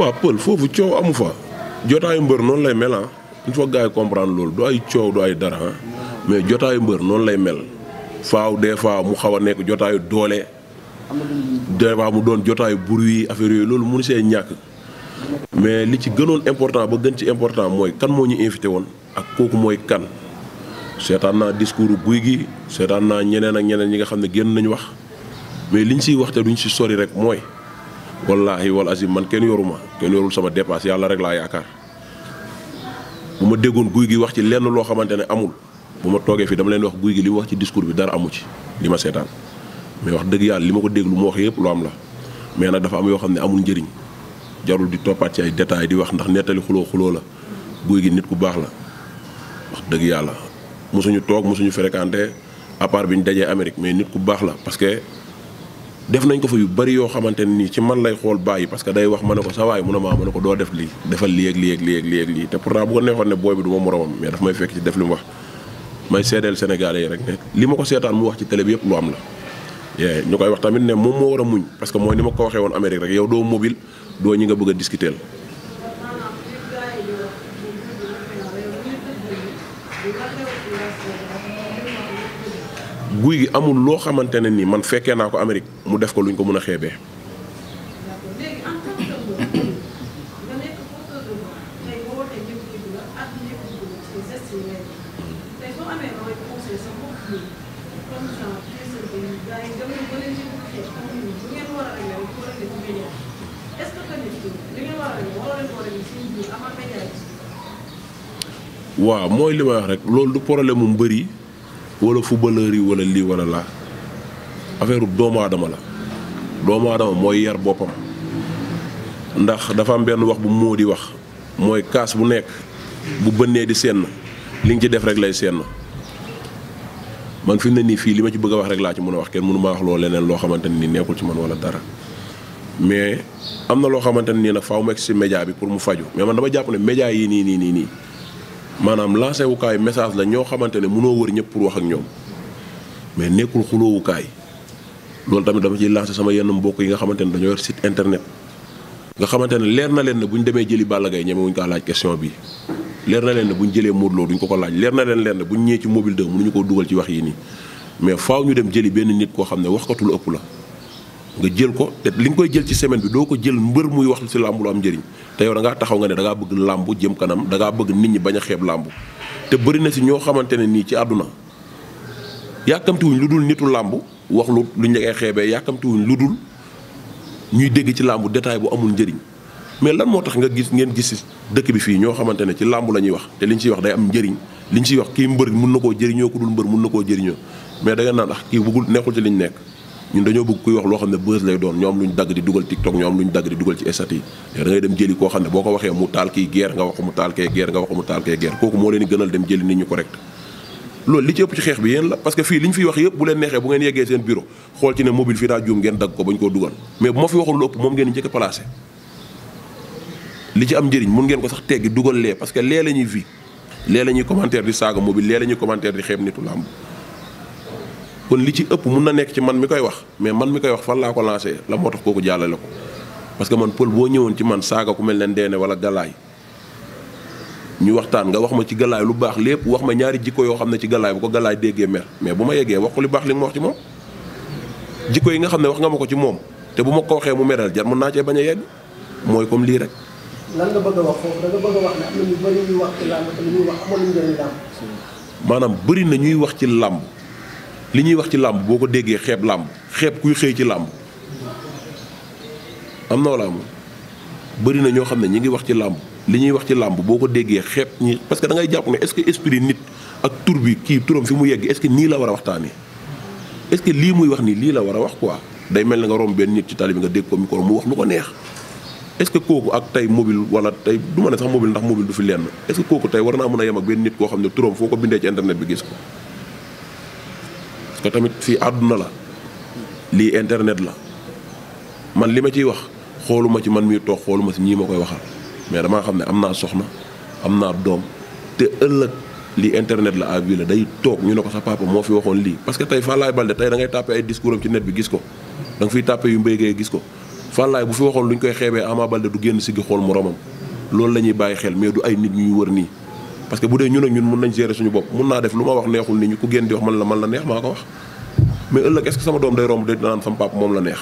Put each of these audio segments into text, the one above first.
waaw pël foofu coow amu fa jotaayu mbër noonu lay mel ah il faut gars yi comprendre loolu du ay coow du ay dara ah. mais jotaayu mbër noonu lay mel faaw des fois mu xaw a nekk jotaayu doole. des fois mu doon jotaayu bruit affaire yooyu loolu mënu see ñàkk. mais li ci gënoon important ba gën ci important mooy kan moo ñu invité woon ak kooku mooy kan. seetaan naa discours guy gi seetaan naa ñeneen ak ñeneen ñi nga xam ne génn nañu wax mais liñ siy wax te duñ si sori rek mooy. wallaahi wal azim man kenn yoruma kenn yorul sama dépasse yàlla rek laa yaakaar bu ma déggoon guy gi wax ci lenn loo xamante ne amul bu ma toogee fii dama leen wax guy gi li wax ci discours bi dara amu ci li ma seetaan mais wax dëgg yàlla li ma ko dégg lu mu wax yëpp lu am la mais nag dafa am yoo xam ne amul njariñ jarul di toppaat ci ay détails di wax ndax nettali xuloo xuloo la guy gi nit ku baax la wax dëgg yàlla mosuñu toog mosuñu fréquenté à part ñu dajee Amérique mais nit ku baax la parce que def nañ ko fa yu bëri yoo xamante ne nii ci man lay xool bàyyi parce que day wax ma ne ko sa waay mu ne maa ma ne ko doo def lii defal lii ak lii ak lii ak lii ak lii te ko neexoon ne booy bi du ma mais daf may fekk ci def li mu wax may seedeel Sénégalais yi rek ne li ma ko seetaan mu wax ci télé bi yëpp lu am la yee ñu koy wax tamit ne moom moo war a muñ parce que mooy ni ma ko waxee woon Amérique rek yow doo mobile doo ñi nga bëgg a guy gi amul loo xamante ne nii man fekkee naa ko Amérique mu def ko luñ ko mën a xeebee. waaw mooy li rek loolu du problème mu mbëri wala footballeur yi wala lii wala laa affaire doomu aadama la doomu aadama mooy yar boppam ndax dafa am benn wax bu moo di wax mooy kaas bu nekk bu bënnee di senn li nga ci def rek lay senn man fi mu ne nii fii li ma ci bëgg a wax rek laa ci mën a wax kenn mënuma wax loo leneen loo xamante ni nekkul ci man wala dara mais am na loo xamante ni nag faaw mu egg si média bi pour mu faju mais man dama jàpp ne média yi nii nii nii nii maanaam lancé wukaay message la ñoo xamante ne mënoo wër ñëpp pour wax ak ñoom mais nekkul xuloowukaay loolu tamit dama ciy lancé sama yenn mbokk yi nga xamante ne dañoo yor site internet nga xamante ne leer na leen ne bu ñu demee jëli Balla Gaye ñemewuñu kaa laaj question bi leer na leen bu ñu jëlee Modou Lo duñ ko ko laaj leer na leen leen ne bu ñu ñëwee ci mobile 2 mënuñu koo dugal ci wax yi nii mais faaw ñu dem jëli benn nit koo xam ne waxkatul ëpp la nga jël ko te li nga koy jël ci semaine bi doo ko jël mbër muy wax si làmb lu am njëriñ te yow da taxaw nga ne da ngaa bëgg làmb jëm kanam da bëgg nit ñi bañ a xeeb làmb te bëri na si ñoo xamante ne nii ci àdduna yàkkamtiwuñ lu dul nitu làmb wax lu lu ñu ngay xeebee yàkkamtiwuñ lu dul ñuy dégg ci làmb détail bu amul njëriñ mais lan moo tax nga gis ngeen gis si dëkk bi fii ñoo xamante ne ci làmb la ñuy wax te li ñu ciy wax day am njëriñ li ñu ciy wax kii mbër mun na koo jëriñoo ku dul mbër mun na koo jëriñoo mais da nga naan ah kii bëggul neexul ci liñ nekk ñun dañoo bëgg kuy wax loo xam ne buzz lay doon ñoom lu ñu dagg di dugal TikTok ñoom lu ñu dagg di dugal ci estat yi da ngay dem jëli koo xam ne boo ko waxee mu taal kii guerre nga wax mu mu taal kay guerre kooku moo leen gënal dem jëli nit ñu correct loolu li ci ëpp ci xeex bi yéen la parce que fii li ñu fiy wax yëpp bu leen neexee bu ngeen yeggee seen bureau xool ci ne mobile fii daa ngeen dagg ko bañ koo dugal mais bu ma fi waxul lu ëpp moom li ci am njëriñ mun ngeen ko sax teggi dugal lee parce que lee la ñuy vi lee la ñuy commentaire di saaga kon li ci ëpp mun na nekk ci man mi koy wax mais man mi koy wax fan laa ko lancé la moo tax kooku jàllale ko parce que man pël boo ñëwoon ci man saaga ku mel ne deene wala Galaay ñu waxtaan nga wax ma ci Galaay lu baax lépp wax ma ñaari jikko yoo xam ne ci Galaay bu ko Galaay déggee mer mais bu ma yeggee wax ko lu baax li ma wax ci moom jikko yi nga xam ne wax nga ma ko ci moom te bu ma ko waxee mu meral jar mun naa cee bañ a yegg mooy comme lii rek. maanaam bëri na ñuy wax ci làmb li ñuy wax ci làmb boo ko déggee xeeb làmb xeeb kuy xëy ci làmb am na wala amul bëri na ñoo xam ne ñi ngi wax ci làmb li ñuy wax ci làmb boo ko déggee xeeb ñi parce que da ngay jàpp ne est esprit nit ak tur bi kii turam fi mu yegg est nii la war a waxtaane est lii muy wax nii lii la war a wax quoi day mel na nga romb benn nit ci tali bi nga dégg ko micro mu wax lu ko neex est-ce que kooku ak tey mobile wala tey du ne sax mobile ndax mobile du fi lenn est a yem ak xam ne turam foo ko bindee ko parce tamit fii àdduna la lii internet la man li ma ciy wax xooluma ci man mii toog xooluma si ñii ma koy waxal mais damaa xam ne am naa soxna am naa doom te ëllëg lii internet la à vie la day toog ñu ne ko sa papa moo fi waxoon lii parce que tey Fallaye Balde tey da ngay tàppe ay discours ci net bi gis ko da nga fiy tàppe yu mbéygee gis ko Fallaye bu fi waxoon lu ñu koy xeebee amaa Balde du génn si xool xool moromam loolu la ñuy bàyyi xel mais du ay nit ñuy nii parce que bu dee ñun ak ñun mun nañ gérer suñu bopp mun naa def lu ma wax neexul nit ñi ku génn di wax man la man la neex maa ko wax mais ëllëg est-ce que sama doom day romb day naan sama papa moom la neex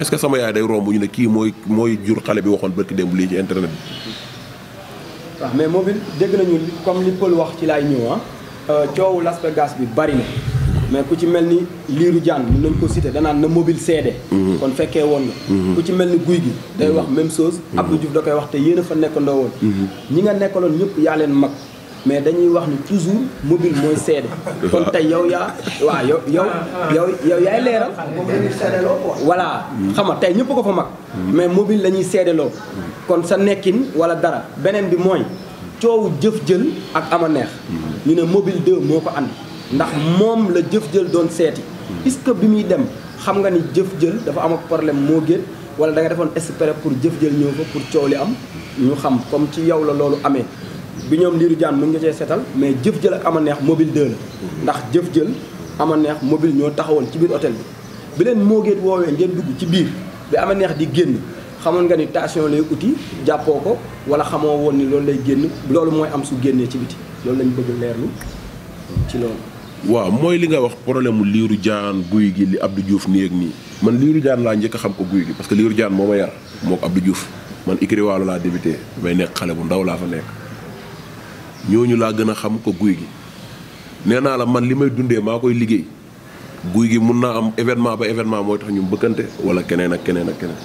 est sama yaay day romb ñu ne kii mooy mooy jur xale bi waxoon barki démb lii ci internet bi. waaw ah, mais moom it dégg nañu comme li Paul wax ci laay ñëw ah euh, coowu Las Vegas bi bari na. mais ku ci mel ni liiru jaan mën nañ ko cité danaan na mobile seede mhm. kon fekkee woon na mhm. ku ci mel ni guy gi day wax mhm. même chose Abdou Diouf da koy wax te yéen a fa nekkandoo woon ñi nga nekkaloon ñëpp yaa leen mag mais dañuy wax ni toujours mobile mooy seede kon tey yow yaa waaw yow yow yow yow yaay leeral voilà xam nga tey ñëpp ko fa mag mais mobile la ñuy seedeloo kon sa nekkin wala dara beneen bi mooy coowu jëf jël ak ama neex ñu ne mobile 2 moo ko andi ndax moom la jëf jël doon seeti est-ce que bi muy dem xam nga ni jëf jël dafa am ak problème moo gën wala da defoon espérer pour jëf jël ñoo fa pour coow li am ñu xam comme ci yow la loolu amee bi ñoom liiru jaan mën nga cee seetal mais jëf jël ak ama neex mobile 2 la ndax jëf jël ama neex mobile ñoo taxawoon ci biir hôtel bi bi leen moo géet woowee ngeen dugg ci biir bi ama neex di génn xamoon nga ni tension lay uti jàppoo ko wala xamoo woon ni loolu lay génn loolu mooy am su génnee ci loolu lañ bëgg leerlu ci loolu waaw mooy li nga wax problème mu liiru jaan guy gi li Abdou Diouf nii ak nii man liiru jaan laa njëkk a xam ko guy gi parce que liiru jaan moo ma yar moo ko Abdou Diouf man Ikri Waalo laa débuté may nekk xale bu ndaw laa fa nekk ñooñu laa gën a xam ko guy gi nee naa la man li may dundee maa koy liggéey guy gi mun naa am événement ba événement mooy tax ñu bëkkante wala keneen ak keneen ak keneen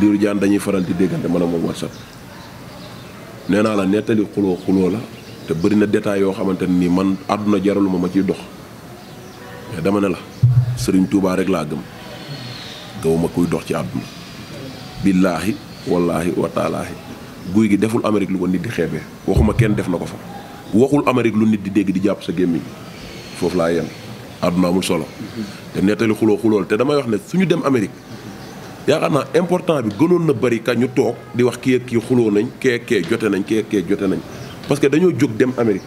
liiru jaan dañuy faral di déggante man a moom WhatsApp nee naa la nettali xuloo xuloo la te bari na détails yoo xamante ne nii man àdduna jaralu ma ma ciy dox mais dama ne la sëriñ Touba rek laa gëm gawuma kuy dox ci àdduna billaahi wallaahi wa guy gi deful Amérique lu ko nit di xeebee waxuma kenn def na ko fa waxul Amérique lu nit di dégg di jàpp sa gémmiñ foofu laa yem àdduna amul solo te nettali xuloo xulool te damay wax ne suñu dem Amérique yaakaar naa important bi gënoon na bari ka ñu toog di wax kii ak kii xuloo nañ kee kee jote nañ kee kee jote nañ parce que dañoo jóg dem Amérique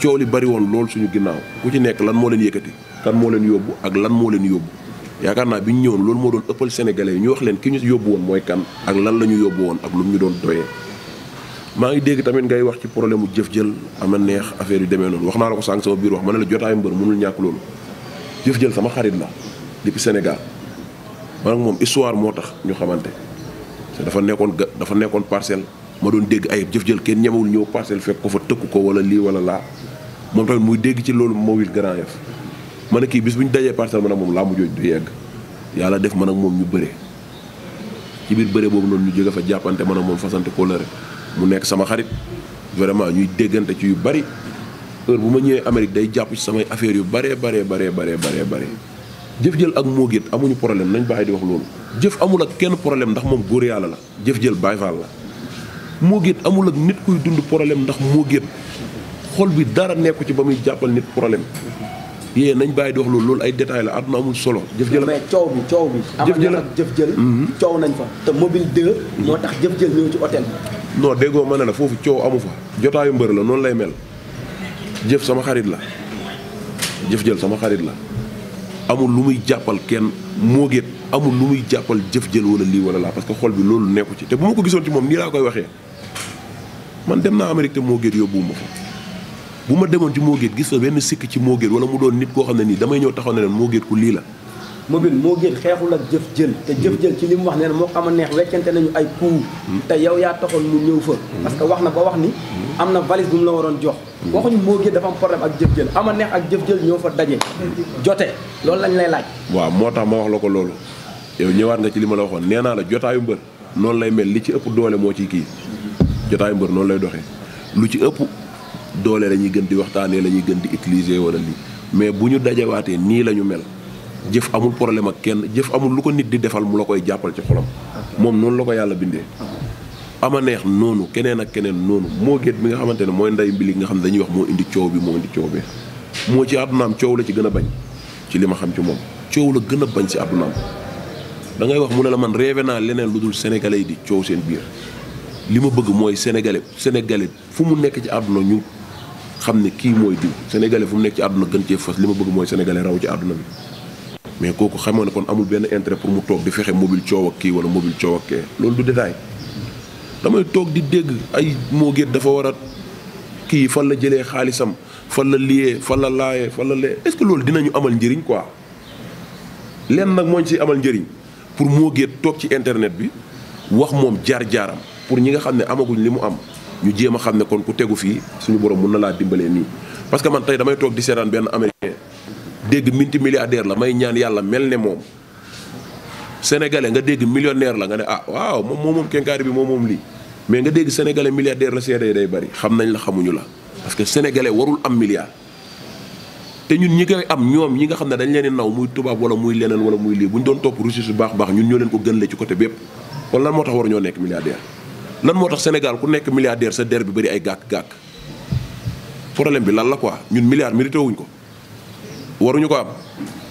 coow li bari woon loolu suñu ginnaaw ku ci nekk lan moo leen yëkkati kan moo leen yóbbu ak lan moo leen yóbbu yaakaar naa bi ñu ñëwoon loolu moo doon ëppal sénégalais yi ñu wax leen ki ñu yóbbu woon mooy kan ak lan la ñu yóbbu woon ak lu mu ñu doon doyee maa ngi dégg tamit ngay wax ci problème mu jëf-jël ama neex affaire yu demee noonu wax naa la ko sànq sama biir wax ma ne la jotaayu mbër mënul ñàkk loolu jëf-jël sama xarit la depuis Sénégal man moom histoire moo tax ñu xamante dafa nekkoon dafa nekkoon parcelle ma doon dégg ayib jëf jël kenn ñemewul ñëw parcelle fekk ko fa tëkku ko wala lii wala laa moom tamit muy dégg ci loolu moo wil grand yëf ma ne kii bis bu ñu dajee parcelle ma ne moom laa mu jooj du yegg yàlla def man ak moom ñu bëre ci biir bëre boobu noonu ñu jóge fa jàppante man ak moom fasante kóllëre mu nekk sama xarit vraiment ñuy déggante ci yu bari heure bu ma ñëwee Amérique day jàpp ci samay affaires yu baree baree baree baree bari baree jëf jël ak moo gét amuñu problème nañ bàyyi di wax loolu jëf amul ak kenn problème ndax moom góor yàlla la jëf jël Baay moo gën amul ak nit kuy dund problème ndax moo gën xol bi dara nekku ci ba muy jàppal nit problème yee nañ bàyyi di wax loolu loolu ay détails la àdduna amul solo. jëf jël mais coow bi coow bi. jëf jël jëf jël. Mhm. coow nañ fa te mobile 2. moo tax jëf jël ñëw ci hôtel bi. déggoo ma ne la foofu coow amu fa. jotaayu mbër la noonu lay mel jëf sama xarit la jëf jël sama xarit la amul lu muy jàppal kenn moo gën amul lu muy jàppal jëf jël wala lii wala laa parce que xol bi loolu nekku ci te bu ma ko gisoon ci moom nii laa koy waxee. man dem naa Amérique te moo géet yóbbuwuma fa bu ma demoon ci moo géet gis fa benn sikk ci moo géet wala mu doon nit koo xam ne nii damay ñëw taxoon ne leen moo ku lii la mobile moo gën xeexul ak jëf jël te jëf ci li mu wax nee na moo xam neex weccante nañu ay coup hmm. te yow yaa taxoon mu ñëw fa hmm. parce que wax na ba wax ni hmm. am na valise bu la waroon jox waxuñu moo gën dafa am problème ak jëf jël neex ak jëf jël ñoo fa daje jote loolu lañ lay laaj waaw moo tax ma wax la ko loolu yow ñëwaat nga ci li ma la waxoon nee naa la jotaayu mbër noonu lay mel li ci ëpp doole moo ci kii jotaay mbër noonu lay doxee lu ci ëpp doole la ñuy gën di waxtaanee la ñuy gën di utiliser wala lii mais bu ñu dajawaatee nii la ñu mel jëf amul problème ak kenn jëf amul lu ko nit di defal mu la koy jàppal ci xolam. moom noonu la ko yàlla bindee. a neex noonu keneen ak keneen noonu moo géet bi nga xamante ne mooy nday mbili nga xam ne dañuy wax moo indi coow bi moo indi coow bi moo ci àddunaam coow la ci gën a bañ ci li ma xam ci moom coow la gën a bañ si àddunaam da wax mu ne la man rêvé naa leneen lu dul sénégalais di coow seen biir. li ma bëgg mooy sénégalais sénégalais fu mu nekk ci àdduna ñu xam ne kii mooy diw sénégalais fu mu nekk ci àdduna gën cee fas li ma bëgg mooy sénégalais raw ci àdduna bi mais kooku xamoon ne kon amul benn intérêt pour mu toog di fexe mobile coow ak kii wala mobile coow ak ke loolu du détail damay toog di dégg ay moo géet dafa war a kii fan la jëlee xaalisam fan la liyee fan la laayee fan la lee est-ce que loolu dinañu amal njëriñ quoi lenn nag mooñ ci amal njëriñ pour moo géet toog ci internet bi wax moom jaar-jaaram pour ñi nga xam ne amaguñ li mu am ñu jéem a xam ne kon ku tegu fii suñu borom mun na laa dimbalee nii parce que man tey damay toog di seetaan benn américain dégg minti milliardaire la may ñaan yàlla mel ne moom sénégalais nga dégg millionnaire la nga ne ah waaw moom moo moom kenkaari bi moom moom lii mais nga dégg sénégalais milliardaire la seede day bari xam nañ la xamuñu la parce que sénégalais warul am milliard te ñun ñi koy am ñoom ñi nga xam ne dañ leen naw muy tubaab wala muy leneen wala muy lii bu ñu doon topp ressource baax baax ñun ñoo leen ko gën le ci côté bépp kon lan moo tax waruñoo nekk milliardaire lan moo tax Sénégal ku nekk milliardaire sa der bi bari ay gàkk-gàkk problème bi lan la quoi ñun milliard mérité wuñ ko waruñu ko am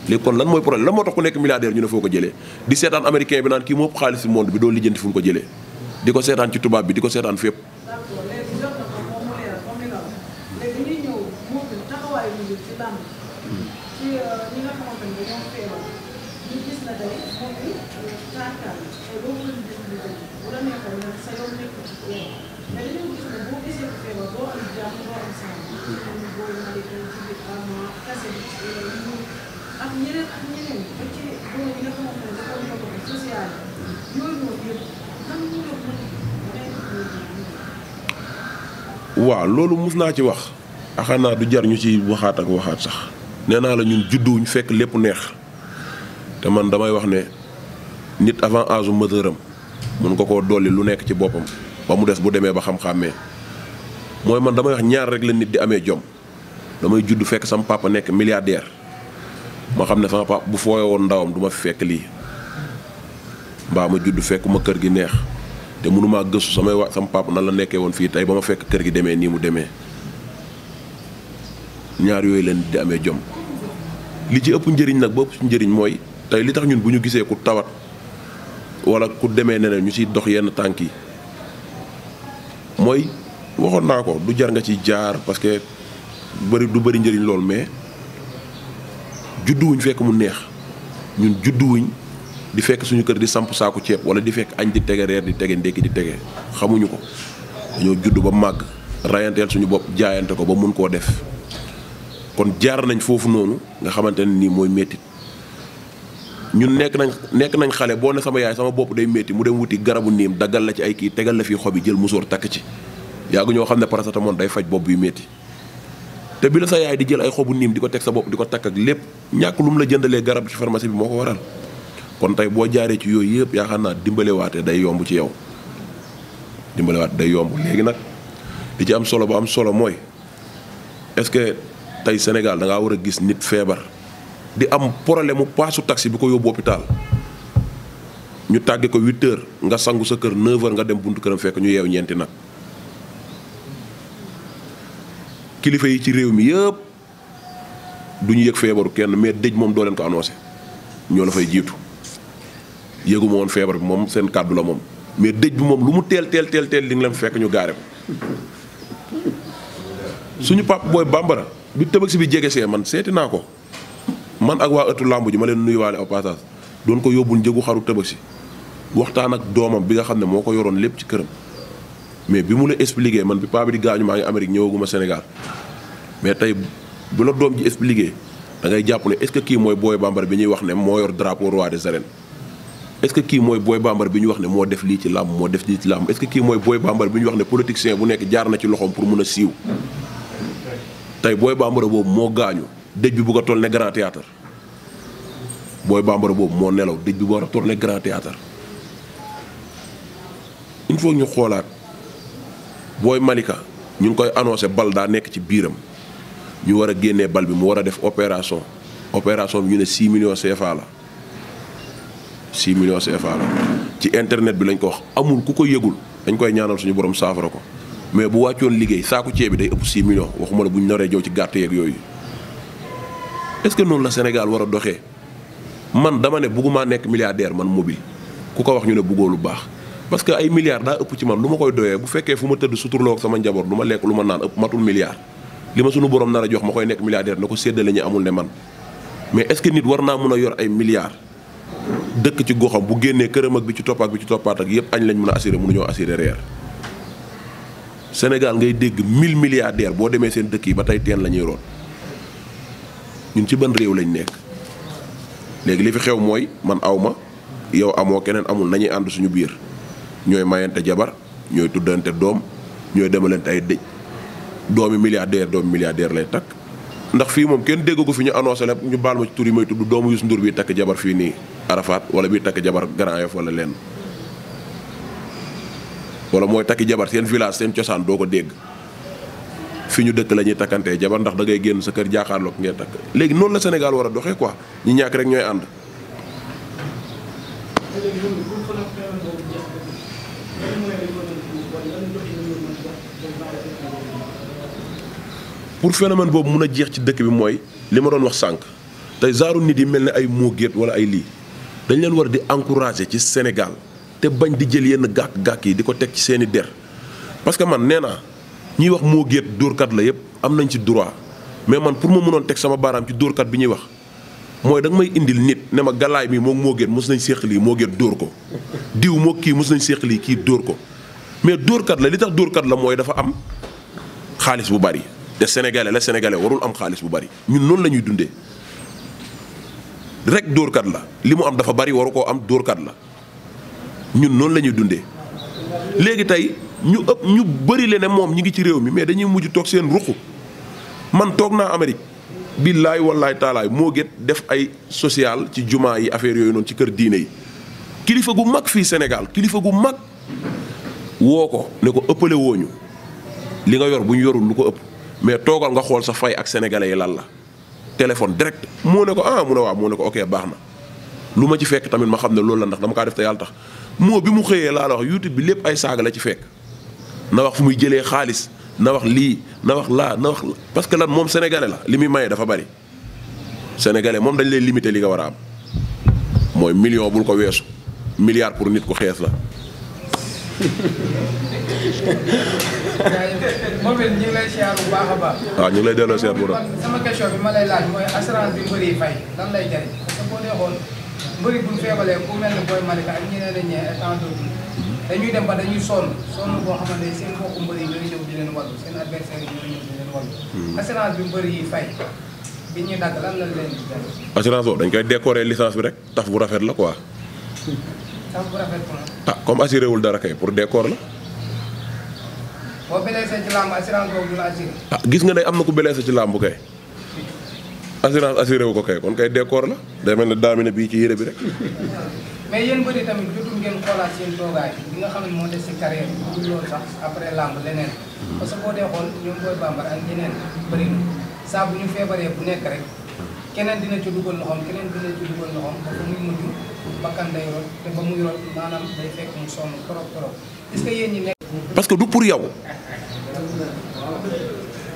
léegi kon lan mooy problème lan moo tax ku nekk milliardaire ñu ne foo ko jëlee di seetaan américain bi naan kii moo ëpp xaalis monde bi doo lijjanti fu mu ko jëlee di ko seetaan ci tubaab di ko seetaan fépp hmm. bu waaw loolu mus naa ci wax. naa du jar ñu ci waxaat ak waxaat sax nee naa la ñun judduwuñ fekk lépp neex te man damay wax ne nit avant âge majeur mun nga koo dolli lu nekk ci boppam ba mu des bu demee ba xam-xàmmee mooy man damay wax ñaar rek la nit di amee jom damay judd fekk sama papa nekk milliardaire ma xam ne sama papa bu fooye woon ndawam du ma fi fekk lii mbaa ma judd fekk ma kër gi neex te mënumaa gëstu samay wa sama papa nan la nekkee woon fii tey ba ma fekk kër gi demee nii mu demee ñaar yooyu la nit di amee jom li ci ëpp njëriñ nag ba ëpp njëriñ mooy tey li tax ñun bu ñu gisee ku tawat wala ku demee neneen ñu siy dox yenn tànk yi mooy waxoon naa ko du jar nga ci jaar parce que bëri du bëri njëriñ lool mais wuñ fekk mu neex ñun judduwuñ di fekk suñu kër di samp saaku ceeb wala di fekk añ di tege reer di tege ndékki di tege xamuñu ko dañoo judd ba màgg rayanteel suñu bopp jaayante ko ba mun koo def kon jaar nañ foofu noonu nga xamante ne nii mooy méttit ñun nekk nañ nekk nañ xale boo ne sama yaay sama bopp day métti mu dem wuti garabu niim daggal la ci ay kii tegal la fii xobi yi jël musóor takk ci yàggu ñoo xam ne paracetamol day faj bopp yu métti te bi la sa yaay di jël ay xobu niim di ko teg sa bopp di ko takk ak lépp ñàkk lu mu la jëndalee garab ci pharmacie bi moo ko waral kon tey boo jaaree ci yooyu yëpp yaakaar naa dimbalewaate day yomb ci yow dimbalewaate day yomb léegi nag li ci am solo bu am solo mooy est-ce que tey Sénégal da ngaa war a gis nit feebar di am problème mu paasu taxi bi ko yóbbu hôpital ñu tàgge ko huit nga sangu sa kër neuf nga dem buntu këram fekk ñu yeew ñeenti nag kilifa yi ci réew mi yëpp du ñu yëg feebaru kenn mais dëj moom doo leen ko annoncé ñoo la fay jiitu yëguma woon feebar bi moom seen kàddu la moom mais dëj bi moom lu mu teel teel teel teel li nga leen fekk ñu gaare ko suñu pap booy bambara bi tabaski bi jege see man seeti naa ko man ak waa ëttu làmb ji ma leen nuyuwaale au passage doon ko yóbbul njëgu xaru tabaski waxtaan ak doomam bi nga xam ne moo ko yoroon lépp ci këram mais bi mu la expliqué man bi paa bi di gaañu maa ngi Amérique ñëwaguma Sénégal mais tey bu la doom ji expliqué da ngay jàpp ne est ce kii mooy booy bambara bi ñuy wax ne moo yor drapeau roi des kii mooy booy bambara bi ñu wax ne moo def lii ci làmb moo def lii ci làmb est ce que kii mooy booy bambara bi ñu wax ne politicien bu nekk jaar na ci loxoom pour mun a siiw tey booy bambara boobu moo gaañu dëj bu ko toll ne grand théâtre booy bambara boobu moo nelaw dëj bi war a tourné grand théâtre il faut ñu xoolaat booy Malika ñu ngi koy annoncé bal daa nekk ci biiram ñu war a génnee bal bi mu war a def opération opération bi ñu ne 6 millions CFA la 6 millions CFA la ci internet bi lañ ko wax amul ku ko yëgul dañ koy ñaanal suñu borom saafara ko mais bu wàccoon liggéey saaku ceeb bi day ëpp 6 millions waxuma la bu ñu naree jow ci gàtt yeeg yooyu est-ce que noonu la Sénégal war a doxee. man dama ne bëggumaa nekk milliardaire man mobile ku ko wax ñu ne bëggoo lu baax parce que ay milliards daa ëpp ci man lu ma koy doyee bu fekkee fu ma tëdd suturloo ak sama njaboot lu ma lekk lu ma naan ëpp matul milliard li ma sunu borom nar a jox ma koy nekk milliardaire na ko séddale ñu amul ne man mais est nit war naa mën a yor ay milliards dëkk ci goxam bu génnee këram ak bi ci toppaak bi ci toppaat ak yëpp añ lañ mën a assuré mënuñoo assuré reer Sénégal ngay dégg mille milliardaires boo demee seen dëkk yi ba tey teen la ñuy root ci ban réew lañ nekk léegi li fi xew mooy man aw ma yow amoo keneen amul nañuy ànd suñu biir ñooy mayante jabar ñooy tuddante doom ñooy demalante ay dëj doomi milliardaire doomi milliardaire lay takk ndax fii moom kenn dégg ko fi ñu annoncé la ñu baal ma ci tur yi may tudd doomu Youssou Ndour bi takk jabar fii nii Arafat wala bii takk jabar Grand Yoff wala lenn wala mooy takki jabar seen village seen cosaan doo ko dégg fi ñu dëkk lañuy ñuy takkantee jabar ndax da ngay génn sa kër jaaxaarloog ngeen takk léegi noonu la Sénégal war a doxee quoi ñi ñàkk rek ñooy ànd. pour phénomène boobu mun a jeex ci dëkk bi mooy li ma doon wax sànq te zaaru nit yi mel ne ay moogéet wala ay lii dañ leen war di encourager ci Sénégal te bañ di jël yenn gàkk-gàkk yi di ko teg ci seeni der parce man nee naa. ñuy wax moo géet dóorkat la yëpp am nañ ci droit mais man pour ma mënoon teg sama baaraam ci dóorkat bi ñuy wax mooy da may indil nit ne ma galaay mi moom moo géet mos nañ séeq lii moo géet dóor ko diw moo kii mos nañ séeq lii kii dóor ko mais dóorkat la li tax dóorkat la mooy dafa am xaalis bu bari te sénégalais la sénégalais warul am xaalis bu bari ñun noonu lañuy dunde dundee dóorkat la li mu am dafa bari waru koo am dóorkat la ñun noonu la ñuy dundee léegi tey ñu ëpp ñu bari le ne moom ñi ngi ci réew mi mais dañuy mujj toog seen ruq man toog naa Amérique billaay wallaay taalaay moo gét def ay social ci jumaa yi affaire yooyu noonu ci kër diine yi kilifa gu mag fii senegal kilifa gu mag woo ko ne ko ëppale wooñu li nga yor bu ñu yorul lu ko ëpp mais toogal nga xool sa fay ak sénégalais yi lan la téléphone direct moo ne ko ah mu ne waaw moo ne ko ok baax na lu ma ci fekk tamit ma xam ne loolu la ndax dama kaa def te yàlla tax moo bi mu la wax YouTube bi lépp ay saaga la ci fekk na wax fu muy jëlee xaalis na wax lii na wax laa na wax parce que lan moom sénégalais la li muy maye dafa bari sénégalais moom dañ lay limité li nga war a am mooy million bul ko weesu milliard pour nit ku xees la. moom ah, ngi lay delloo siyaar dañuy dem ba dañuy sonn sonn boo xamante ne seen mbokku mbër yi ñooy ñëw di leen wàllu seen adversaire hmm. bi mbër yi fay bi ñuy dagg lan la leen dañ koy décorer licence bi rek taf bu rafet la quoi. taf bu ah, assuré wul dara kay pour décor la. boo blessé boobu la assuré. ah gis nga ne am na ku blessé ci làmb kay. assurance assuré wu ko kay kon kay décor la. day mel ne daa mel ne bii ci yére bi rek. mais yéen bëri tamit jotul ngeen xoolaat seen toogaay li nga xam ne moo des si carrière bi loolu sax après làmb leneen parce que boo dee xool du pour yow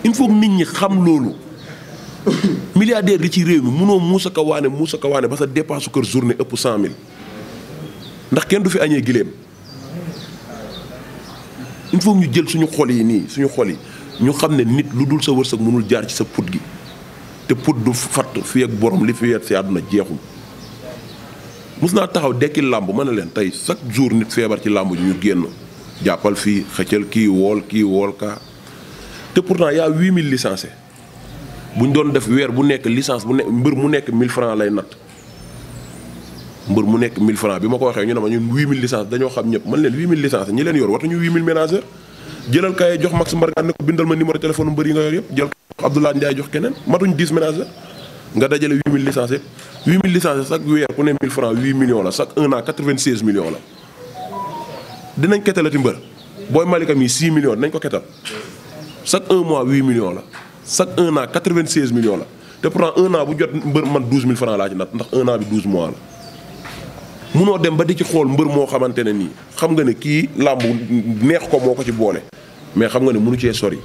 il faut nit ñi xam loolu. milliardaire li ci réew mi munoo muusa kawaane muusa kawaane ba sa dépense su kër journée ëpp 100000. ndax kenn du fi añee giléem il faut ñu jël suñu xol yi nii suñu xol yi ñu xam ne nit lu dul sa wërsëg mënul jaar ci sa put gi te put du fatt fi ak borom li fi weer si àdduna jeexul mus naa taxaw dekki làmb ma ne leen tey chaque jour nit feebar ci làmb ji ñu génn jàppal fii xëccal kii wool kii wool kaa te pourtant y a 8000 licenciés bu ñu doon def weer bu nekk licence bu nekk mbër mu nekk 1000 francs lay natt mbër mu nekk 1000 francs bi ma ko waxee ñu ne ma ñun 8000 licence dañoo xam ñëpp man leen 8000 licence ñi leen yor watuñu 8000 ménageur jëlal kaye jox Max Mbargane ne ko bindal ma numéro téléphone mbër yi nga yor yëpp jël Abdoulaye jox keneen matuñ 10 ménageur nga dajale 8000 licences yëpp 8000 licences chaque weer ku ne 1000 francs 8 millions la chaque un an 96 millions la dinañ ketalati mbër booy un mois 8 millions la chaque un an 96 munoo dem ba di ci xool mbër moo xamante ne nii xam nga ne kii làmb neex ko moo ko ci boole mais xam nga ne munu cee sori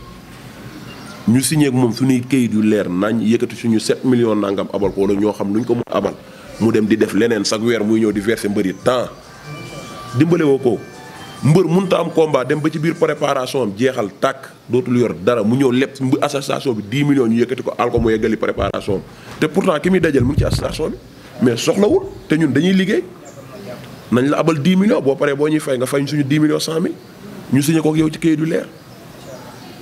ñu signé ak moom suñuy kayit yu leer nañ yëkkati suñu 7 millions nangam abal ko wala ñoo xam luñ ko mun abal mu dem di def leneen chaque weer muy ñëw di verse mbër yi temps dimbale woo ko mbër munta am combat dem ba ci biir préparation am jeexal tàkk dootul yor dara mu ñëw lépp mbu bi 10 millions ñu yëkkati ko al ko mu yeggali préparation am te pourtant muy dajal mu ngi ci bi mais soxlawul te dañuy liggéey. nañ la abal 10 millions boo paree boo ñuy fay nga fay suñu 10 millions 100000 ñu signé ko yow ci kayit du leer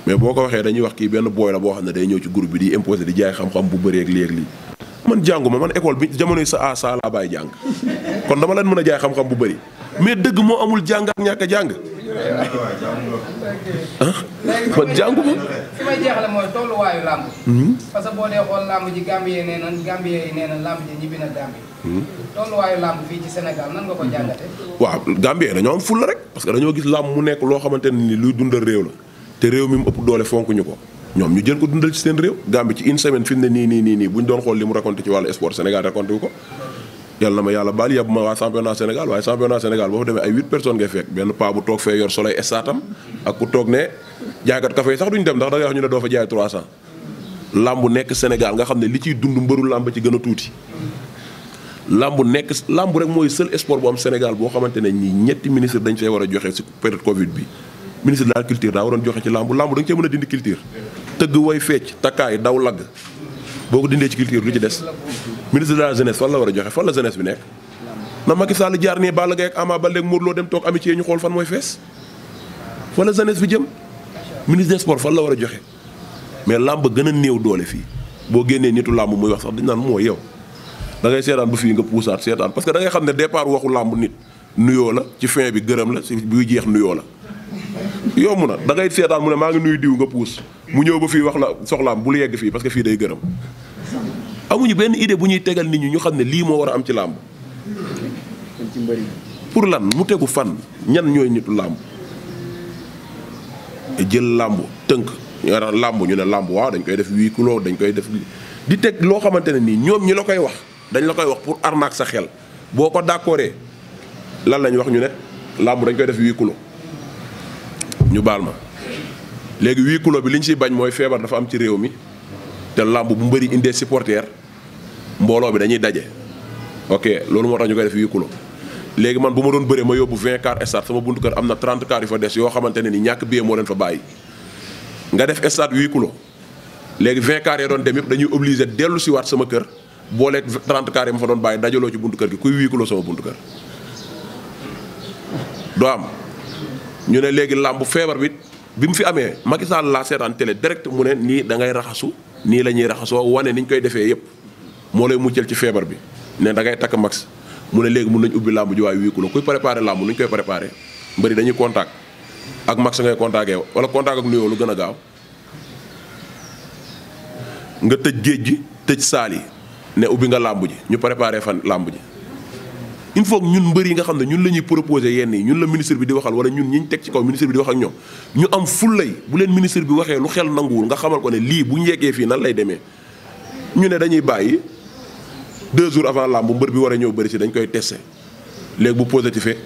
mais boo ko waxee dañuy wax kii benn booy la boo xam ne day ñëw ci groupe bi di imposer di jaay xam-xam bu bëree ak lii ak lii. man jànguma man école bi jamonoy sa a sa laa bàyyi jàng kon dama leen mën a jaay xam-xam bu bëri mais dëgg moo amul jàng ak ñàkk a jàng. ah man jàngu ma. Hmm? Gambie na Gambie hmm? am fulla rek parce que dañoo gis làmb mu nekk loo xamante ne ni luy dundal réew la te réew mi mu ëpp doole fonk ñu ko. ñoom ñu jël ko dundal ci seen réew Gambie ci une semaine fi mu ne nii nii nii nii bu ñu doon xool li mu raconté ci wàllu sport Sénégal raconté ko. yàlla ma yàlla baal yab ma waa championnat Sénégal waaye championnat Sénégal boo fa demee ay huit personnes ngay fekk benn paa bu toog fee yor soleil estaatam ak ku toog ne jaaykat café yi sax duñ dem ndax da ngay ñu ne doo fa jaay 300. làmb nekk Sénégal nga xam ne li ciy dund mbëru làmb ci gën a tuuti làmb nekk làmb rek mooy seul sport bu am Sénégal boo xamante ne ñii ñetti ministre dañ fee war a joxe si période Covid bi. ministre de la culture daa joxe ci làmb làmb da nga cee mën a dindi culture tëgg way fecc takkaay daw lagg. boo ko dindee ci culture lu ci des ministre de la fan la war a joxe fan la jeunesse bi nekk. na Macky Sall jaar nii Balla Gaye ak Ama Baldé ak Modou dem toog amitié ñu xool fan mooy fees fan la jeunesse bi jëm ministre des sports fan la war a joxe mais làmb gën a néew doole fii boo génnee nitu làmb muy wax sax dañ naan mooy yow da ngay seetaan bu fii nga puusaat seetaan parce que da ngay xam ne départ waxu làmb nit nuyoo la ci fin bi gërëm la si buy jeex nuyoo la. yomb na da ngay seetaan mu ne maa ngi nuyu diw nga puus mu ñëw ba fii wax la soxlaam bul yegg fii parce que fii day gërëm amuñu benn idée bu ñuy tegal nit ñi ñu xam ne lii moo war a am ci làmb pour lan mu tegu fan ñan ñooy nitu làmb jël làmb tënk ñu ne làmb ñu ne làmb waaw dañ koy def huis clos dañ koy def di teg loo xamante ne nii ñoom ñi la koy wax dañ la koy wax pour arnaque sa xel boo ko d'accordee lan lañ wax ñu ne làmb dañ koy def huis clos ñu baal ma léegi huis clos bi li ñu siy bañ mooy feebar dafa am ci réew mi te làmb bu mbëri indee supporter mbooloo bi dañuy daje ok loolu moo tax ñu koy def huis clos léegi man bu ma doon bëree ma yóbbu 20 car stade sama buntu kër am na 30 car yu fa des yoo ni ñàkk billet moo leen fa bàyyi nga def stade huis clos léegi 20 car ya doon dañuy obligé dellu si sama kër booleeg 30 car yi ma fa doon bàyyi dajaloo ci buntu kër gi kuy huis clos sama buntu kër doo am. ñu ne léegi làmb feebar bi bi mu fi amee Macky Sall laa seetaan télé direct mu ne nii da ngay raxasu nii la ñuy raxasoo wane ni ñu koy defee yëpp moo lay muccal ci feebar bi ne dangay takk max mu ne léegi mun nañu ubbi làmb ji waaye wii ku la kuy préparé làmb nu ñu koy préparé mbëri dañuy contact ak max ngay contacté wala contact ak nuyoo lu gën a gaaw nga tëj géej gi tëj saal yi ne ubbi nga làmb ji ñu préparé fan làmb ji. il faut que ñun mbër yi nga xam ne ñun la ñuy proposé yenn yi ñun la ministre bi di waxal wala ñun ñiñ teg ci kaw ministre bi di wax ak ñoom ñu am fullay bu leen ministre bi waxee lu xel nanguwul nga xamal ko ne lii bu ñu yeggee fii nan lay demee ñu ne dañuy bàyyi deux jours avant làmb mbër bi war a ñëw bëri si dañ koy testé léegi bu positifé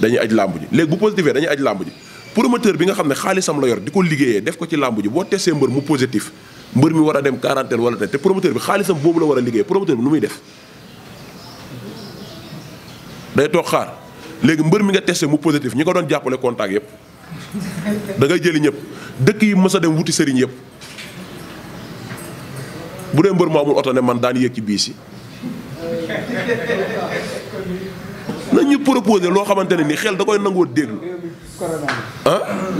dañuy aj làmb ji léegi bu positifé dañuy aj làmb ji promoteur bi nga xam ne xaalisam la yor di ko liggéeyee def ko ci làmb ji boo testé mbër mu positif mi war a dem quarantaine wala te te xaalisam boobu la war a liggéey promoteur muy def day toog xaar léegi mbër mi nga testé mu positif ñi ko doon jàppale contact yëpp da ngay jëli ñëpp dëkk yi mës a dem wuti sëriñ yëpp bu dee mbër mu amul oto ne man daan yéeg ci biis yi nañu proposé loo xamante ne ni xel da koy nangoo déglu ah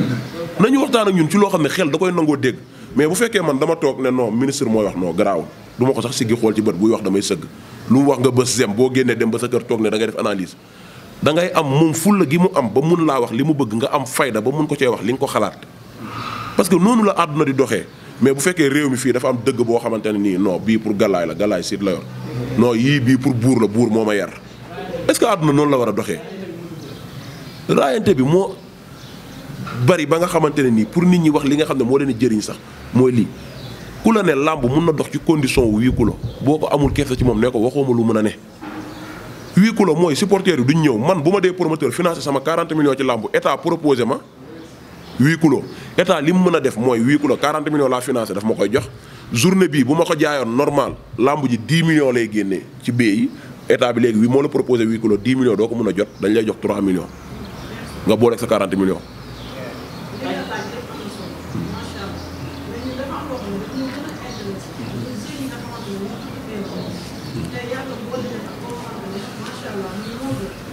nañu waxtaan ak ñun ci loo xam ne xel da koy nangoo dégg mais bu fekkee man dama toog ne noo ministre mooy wax non garaaw du ma ko sax siggi xool ci bët buy wax damay sëgg lu mu wax nga bës sem boo génnee dem ba sa kër toog ne da ngay def analyse dangay ngay am moom fulla gi mu am ba mun laa wax li mu bëgg nga am fayda ba mun ko cee wax li nga ko xalaat parce que noonu la àdduna di doxee mais bu fekkee réew mi fii dafa am dëgg boo xamante ne nii non bii pour galaay la galaay siit la yor non yii bii pour buur la buur moo ma yar est-ce que àdduna noonu la war a doxee raayante bi moo bari ba nga xamante ne nii pour nit ñi wax li nga xam ne moo leen jëriñ sax mooy lii ku la ne làmb mun na dox ci condition wu huis boo ko amul kersa ci moom ne ko waxoo ma lu mën a ne. huis clos mooy supporters yi duñ ñëw man bu ma dee promoteur financé sama 40 millions ci làmb état proposé ma huis clos état li mu mën a def mooy huis clos 40 millions laa financé daf ma koy jox. journée bii bu ma ko jaayoon normal làmb ji 10 millions lay génnee ci bee yi état bi léegi wi moo la proposé huis clos 10 millions doo ko mën a jot dañ lay jox 3 millions nga booleeg sa 40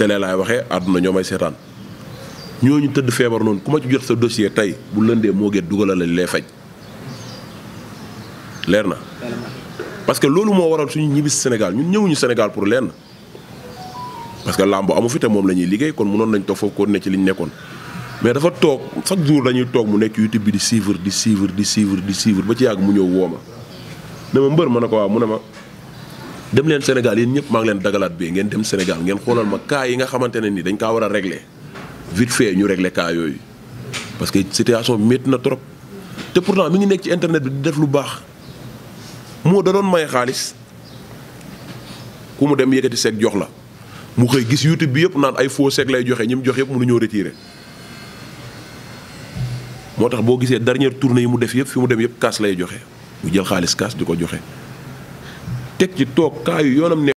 télé laay waxee àdduna ñoo may seetaan ñu tëdd feebar noonu ku ma ci jot sa dossier tey bu lëndee moo gën dugalal la lay faj leer na. parce que loolu moo waral suñu ñibbi Sénégal ñun ñëwuñu Sénégal pour lenn parce que làmb amu fi te moom la ñuy liggéey kon mënoon nañ toog foofu ko ne ci liñ nekkoon. mais dafa toog chaque jour dañuy toog mu nekk YouTube bi di suivre di suivre di suivre di suivre ba ci yàgg mu ñëw woo ma ne ma mbër ma ne ko waaw mu ne ma. dem leen Sénégal yéen ñëpp maa ngi leen dagalaat bi ngeen dem Sénégal ngeen xoolal ma kaa yi nga xamante ne ni dañ kaa war a régler vite fait ñu regle kaa yooyu parce que situation bi métti na trop te pourtant mi ngi nekk ci internet bi di def lu baax moo da doon may xaalis ku mu dem yëkkati seeg jox la mu koy gis YouTube bi yëpp naan ay foo seeg lay joxe ñi mu jox yëpp mënuñoo retiré moo tax boo gisee dernière tournée yi mu def yëpp fi mu dem yëpp kaas lay joxe jël xaalis kaas di ko joxe. tek ci toog kaa yu yoonam ne